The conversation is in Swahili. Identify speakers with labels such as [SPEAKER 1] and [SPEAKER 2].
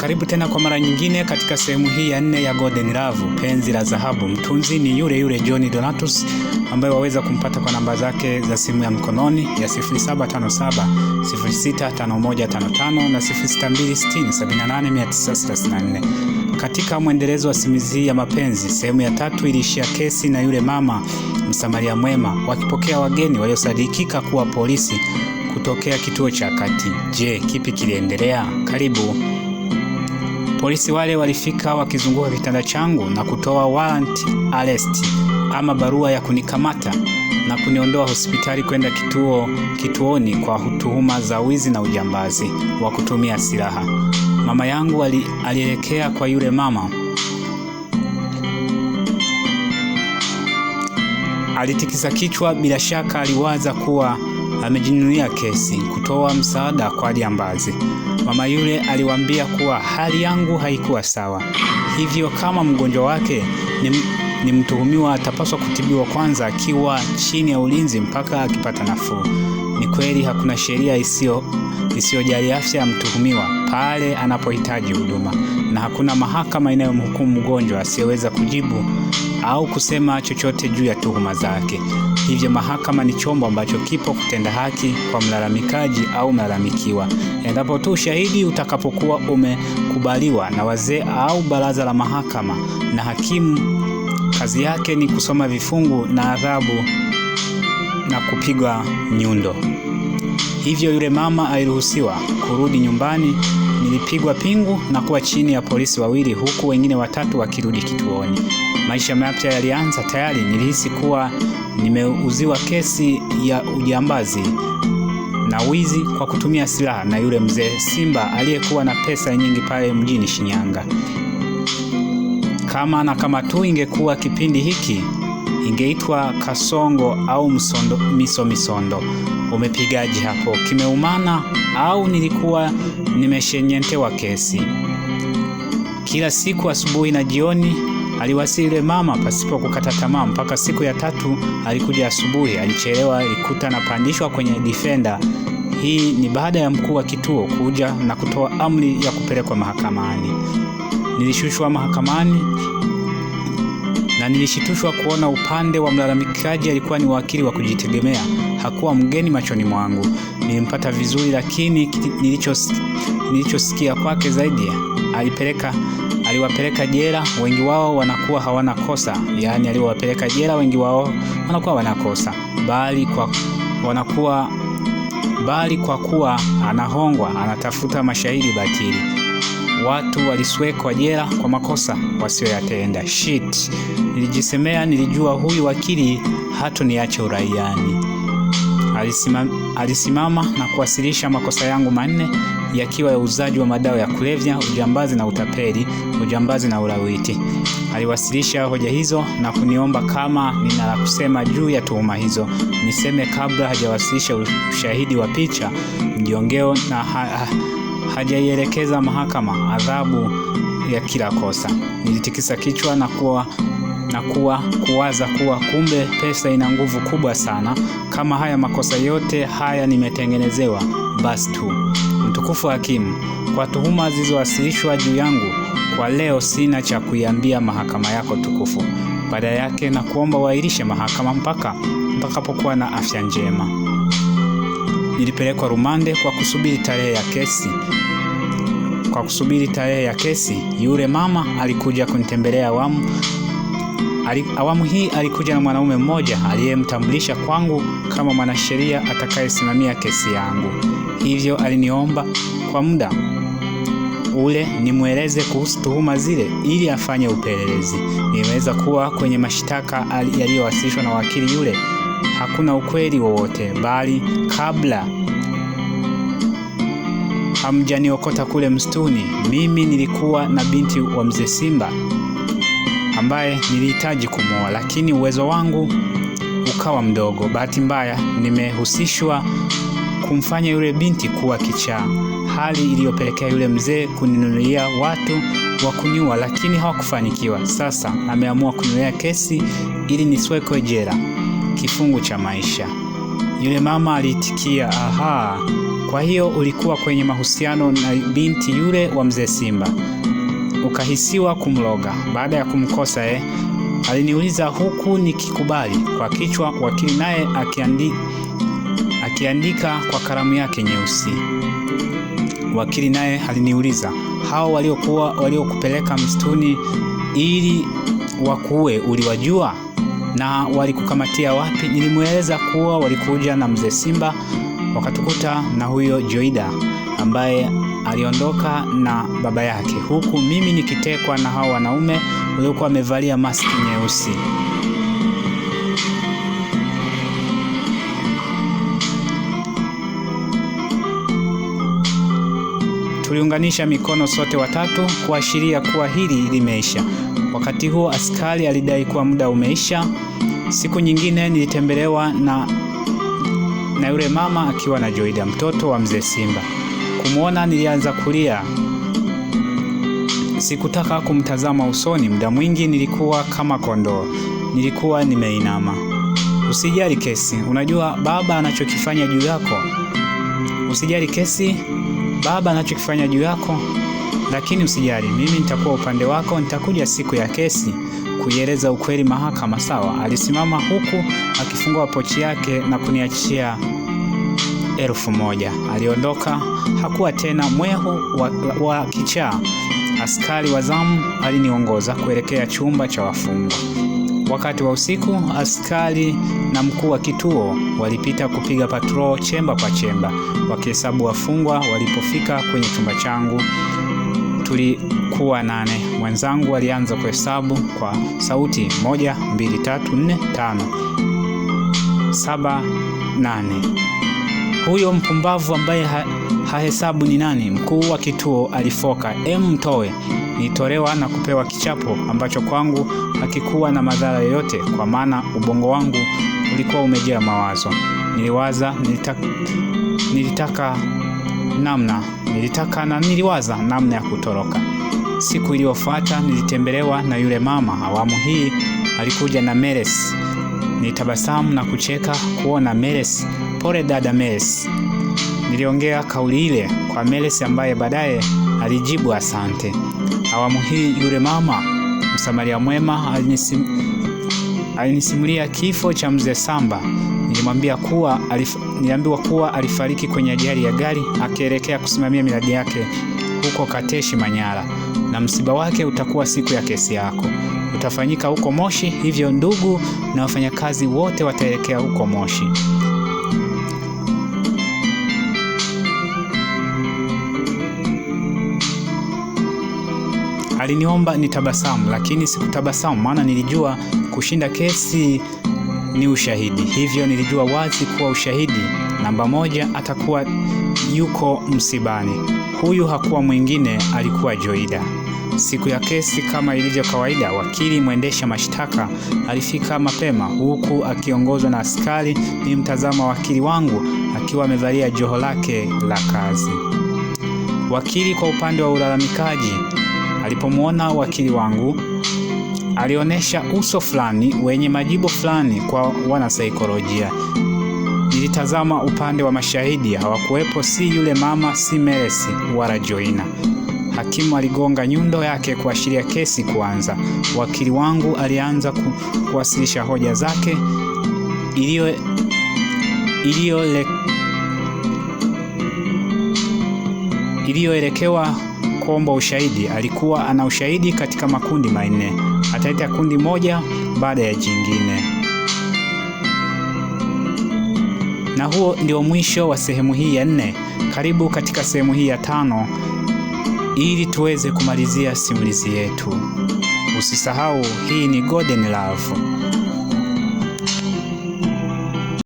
[SPEAKER 1] Karibu tena kwa mara nyingine katika sehemu hii ya nne ya Golden Love, penzi la dhahabu. Mtunzi ni yule yule John Donatus ambaye waweza kumpata kwa namba zake za simu ya mkononi ya 0757 065155 na 0626789934. Katika mwendelezo wa simizi ya mapenzi, sehemu ya tatu iliishia kesi na yule mama msamaria mwema wakipokea wageni waliosadikika kuwa polisi kutokea kituo cha kati. Je, kipi kiliendelea? Karibu. Polisi wale walifika wakizunguka kitanda changu na kutoa warrant arrest ama barua ya kunikamata na kuniondoa hospitali kwenda kituo kituoni kwa tuhuma za wizi na ujambazi wa kutumia silaha. Mama yangu alielekea kwa yule mama alitikisa kichwa. Bila shaka aliwaza kuwa amejinunia kesi kutoa msaada kwa jambazi. Mama yule aliwaambia kuwa hali yangu haikuwa sawa, hivyo kama mgonjwa wake ni, ni mtuhumiwa atapaswa kutibiwa kwanza akiwa chini ya ulinzi mpaka akipata nafuu. Ni kweli hakuna sheria isiyo isiyojali afya ya mtuhumiwa pale anapohitaji huduma, na hakuna mahakama inayomhukumu mgonjwa asiyeweza kujibu au kusema chochote juu ya tuhuma zake. Hivyo mahakama ni chombo ambacho kipo kutenda haki kwa mlalamikaji au mlalamikiwa, endapo tu ushahidi utakapokuwa umekubaliwa na wazee au baraza la mahakama. Na hakimu kazi yake ni kusoma vifungu na adhabu na kupigwa nyundo. Hivyo yule mama aliruhusiwa kurudi nyumbani. Nilipigwa pingu na kuwa chini ya polisi wawili, huku wengine watatu wakirudi kituoni. Maisha mapya yalianza. Tayari nilihisi kuwa nimeuziwa kesi ya ujambazi na wizi kwa kutumia silaha na yule mzee Simba aliyekuwa na pesa nyingi pale mjini Shinyanga. Kama na kama tu ingekuwa kipindi hiki ingeitwa Kasongo au Msondo, Miso Misondo. Umepigaji hapo kimeumana au nilikuwa nimeshenyentewa kesi? Kila siku asubuhi na jioni Aliwasili yule mama pasipo kukata tamaa mpaka siku ya tatu alikuja asubuhi, alichelewa, alikuta anapandishwa kwenye defender. Hii ni baada ya mkuu wa kituo kuja na kutoa amri ya kupelekwa mahakamani. Nilishushwa mahakamani nilishitushwa kuona upande wa mlalamikaji alikuwa ni wakili wa kujitegemea. Hakuwa mgeni machoni mwangu. Nilimpata vizuri, lakini nilichosikia kwake zaidi, alipeleka aliwapeleka jela wengi wao wanakuwa hawana kosa, yaani aliwapeleka jela wengi wao wanakuwa wanakosa, bali kwa wanakuwa bali kwa kuwa anahongwa, anatafuta mashahidi batili. Watu waliswekwa jela kwa makosa wasioyatenda. Shit, nilijisemea. Nilijua huyu wakili niache uraiani. Alisima, alisimama na kuwasilisha makosa yangu manne yakiwa ya uuzaji wa madawa ya kulevya, ujambazi na utapeli, ujambazi na ulawiti. Aliwasilisha hoja hizo na kuniomba kama nina la kusema juu ya tuhuma hizo niseme kabla hajawasilisha ushahidi wa picha, mjongeo na ha hajaielekeza mahakama adhabu ya kila kosa. Nilitikisa kichwa na kuwa na kuwa kuwaza kuwa kumbe pesa ina nguvu kubwa sana. Kama haya makosa yote haya nimetengenezewa, basi tu. Mtukufu hakimu, kwa tuhuma zilizowasilishwa juu yangu kwa leo sina cha kuiambia mahakama yako tukufu. Baada yake na kuomba wairishe mahakama mpaka mtakapokuwa na afya njema ilipelekwa rumande kwa kusubiri tarehe ya kesi. Kwa kusubiri tarehe ya kesi, yule mama alikuja kunitembelea awamu awamu hii alikuja na mwanaume mmoja aliyemtambulisha kwangu kama mwanasheria atakayesimamia kesi yangu. Hivyo aliniomba kwa muda ule nimweleze kuhusu tuhuma zile ili afanye upelelezi. Niweza kuwa kwenye mashtaka yaliyowasilishwa na wakili yule hakuna ukweli wowote, bali kabla hamjaniokota kule msituni, mimi nilikuwa na binti wa mzee Simba ambaye nilihitaji kumwoa, lakini uwezo wangu ukawa mdogo. Bahati mbaya, nimehusishwa kumfanya yule binti kuwa kichaa, hali iliyopelekea yule mzee kuninunulia watu wa kuniua, lakini hawakufanikiwa. Sasa ameamua kuniwea kesi ili nisiwekwe jela kifungu cha maisha. Yule mama aliitikia, aha, kwa hiyo ulikuwa kwenye mahusiano na binti yule wa mzee Simba ukahisiwa kumloga baada ya kumkosa eh? Aliniuliza huku nikikubali kwa kichwa, wakili naye akiandi, akiandika kwa kalamu yake nyeusi. Wakili naye aliniuliza, hao waliokuwa waliokupeleka msituni ili wakuue uliwajua? na walikukamatia wapi? Nilimweleza kuwa walikuja na mzee Simba wakatukuta na huyo Joida ambaye aliondoka na baba yake, huku mimi nikitekwa na hao wanaume waliokuwa wamevalia maski nyeusi. Tuliunganisha mikono sote watatu kuashiria kuwa hili limeisha. Wakati huo askari alidai kuwa muda umeisha. Siku nyingine nilitembelewa na, na yule mama akiwa na Joida mtoto wa mzee Simba. Kumwona nilianza kulia. Sikutaka kumtazama usoni, muda mwingi nilikuwa kama kondoo, nilikuwa nimeinama. Usijali kesi, unajua baba anachokifanya juu yako. Usijali kesi, baba anachokifanya juu yako lakini usijali, mimi nitakuwa upande wako. Nitakuja siku ya kesi kuieleza ukweli mahakama, sawa? Alisimama huku akifungua pochi yake na kuniachia elfu moja. Aliondoka, hakuwa tena mwehu wa, wa, wa kichaa. Askari wa zamu aliniongoza kuelekea chumba cha wafungwa. Wakati wa usiku, askari na mkuu wa kituo walipita kupiga patrol chemba kwa chemba, wakihesabu wafungwa. Walipofika kwenye chumba changu tulikuwa nane. Mwenzangu alianza kuhesabu kwa sauti: moja, mbili, tatu, nne, tano, saba, nane. Huyo mpumbavu ambaye ha hahesabu ni nani? Mkuu wa kituo alifoka, em, mtoe. Nitolewa na kupewa kichapo ambacho kwangu hakikuwa na madhara yoyote, kwa maana ubongo wangu ulikuwa umejaa mawazo. Niliwaza, nilitaka, nilitaka namna nilitaka na niliwaza namna ya kutoroka. Siku iliyofuata nilitembelewa na yule mama. Awamu hii alikuja na Meles. Nilitabasamu na kucheka kuona Meles. Pole dada Meles, niliongea kauli ile kwa Meles ambaye baadaye alijibu asante. Awamu hii yule mama Msamaria mwema alinisim alinisimulia kifo cha mzee Samba. Nilimwambia kuwa alif, niliambiwa kuwa alifariki kwenye ajali ya gari akielekea kusimamia miradi yake huko Kateshi Manyara, na msiba wake utakuwa siku ya kesi yako utafanyika huko Moshi, hivyo ndugu na wafanyakazi wote wataelekea huko Moshi. Aliniomba nitabasamu, lakini sikutabasamu maana nilijua Kushinda kesi ni ushahidi, hivyo nilijua wazi kuwa ushahidi namba moja atakuwa yuko msibani. Huyu hakuwa mwingine, alikuwa Joida. Siku ya kesi, kama ilivyo kawaida, wakili mwendesha mashtaka alifika mapema, huku akiongozwa na askari. Ni mtazama wakili wangu akiwa amevalia joho lake la kazi. Wakili kwa upande wa ulalamikaji alipomwona wakili wangu alionyesha uso fulani wenye majibu fulani kwa wanasaikolojia. Nilitazama upande wa mashahidi, hawakuwepo, si yule mama, si melesi wala Joina. Hakimu aligonga nyundo yake kuashiria kesi kuanza. Wakili wangu alianza ku, kuwasilisha hoja zake iliyo le iliyoelekewa kuomba ushahidi. Alikuwa ana ushahidi katika makundi manne ataita kundi moja baada ya jingine. Na huo ndio mwisho wa sehemu hii ya nne. Karibu katika sehemu hii ya tano ili tuweze kumalizia simulizi yetu. Usisahau, hii ni Golden Love.